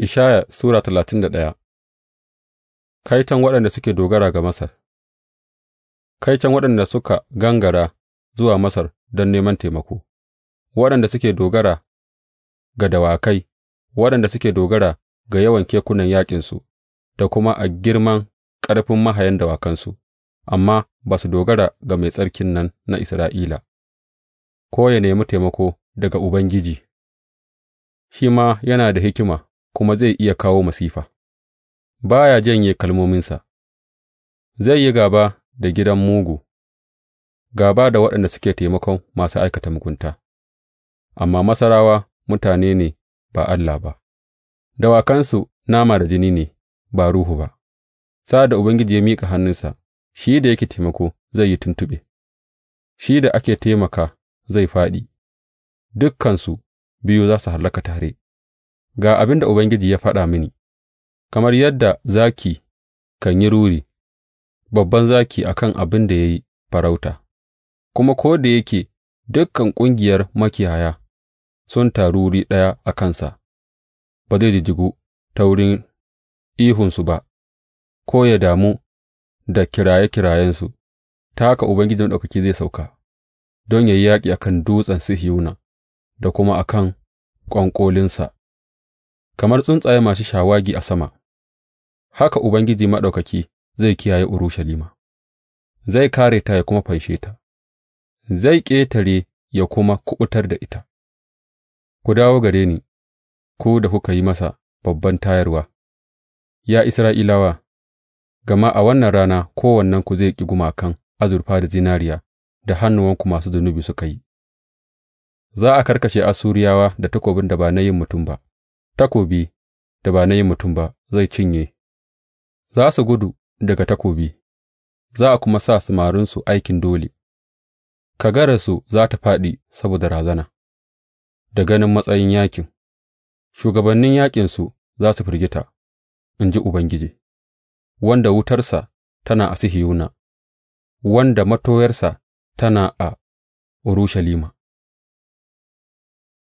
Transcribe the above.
Ishaya Sura talatin da ɗaya Kaiton waɗanda suke dogara ga Masar Kaiton waɗanda suka gangara zuwa Masar don neman taimako, waɗanda suke dogara ga dawakai, waɗanda suke dogara ga yawan kekunan yaƙinsu da kuma a girman ƙarfin mahayan dawakansu, amma ba su dogara ga Mai Tsarkin nan na Isra'ila, ko ya nemi taimako daga Ubangiji, shi ma yana da hikima. kuma zai iya kawo masifa, ba ya janye kalmominsa, zai yi gaba da gidan mugu, Gaba da waɗanda suke taimakon masu aikata mugunta, amma Masarawa mutane ne ba Allah ba, dawakansu nama da jini ne, ba ruhu ba. Sa'ad da Ubangiji ya miƙa hannunsa, shi da yake taimako zai yi tuntuɓe, shi da ake taimaka zai faɗi. Dukkansu biyu za su hallaka tare. Ga abin da Ubangiji ya faɗa mini, Kamar yadda zaki kan yi ruri, babban zaki a kan abin da ya yi farauta, kuma ko da yake dukan ƙungiyar makiyaya sun taru wuri ɗaya a kansa, ba zai jijjigu ta wurin ihunsu ba, ko ya damu da kiraye-kirayensu, ta haka Ubangiji Maɗaukaki zai sauka, don ya yi yaƙi a kan dutsen sihiyuna da kuma a kan ƙwanƙolinsa. kamar tsuntsaye masu shawagi a sama, haka Ubangiji Maɗaukaki zai kiyaye Urushalima, zai kāre ta ya kuma fanshe ta, zai ƙetare ya kuma kuɓutar da ita. Ku dawo gare ni, ku da kuka yi masa babban tayarwa, ya Isra'ilawa, gama a wannan rana kowannenku zai ƙi gumakan azurfa da zinariya da hannuwanku masu zunubi suka yi. Za a karkashe asuriyawa da takobin da ba na yin mutum ba. takobi da ba na yin mutum ba zai cinye, za su gudu daga takobi, za a kuma sa samarinsu aikin dole, kagararsu za ta fāɗi saboda razana, da ganin matsayin yakin. shugabannin su za su firgita, in ji Ubangiji, wanda wutarsa tana a Sihiyuna, wanda matoyarsa tana a Urushalima.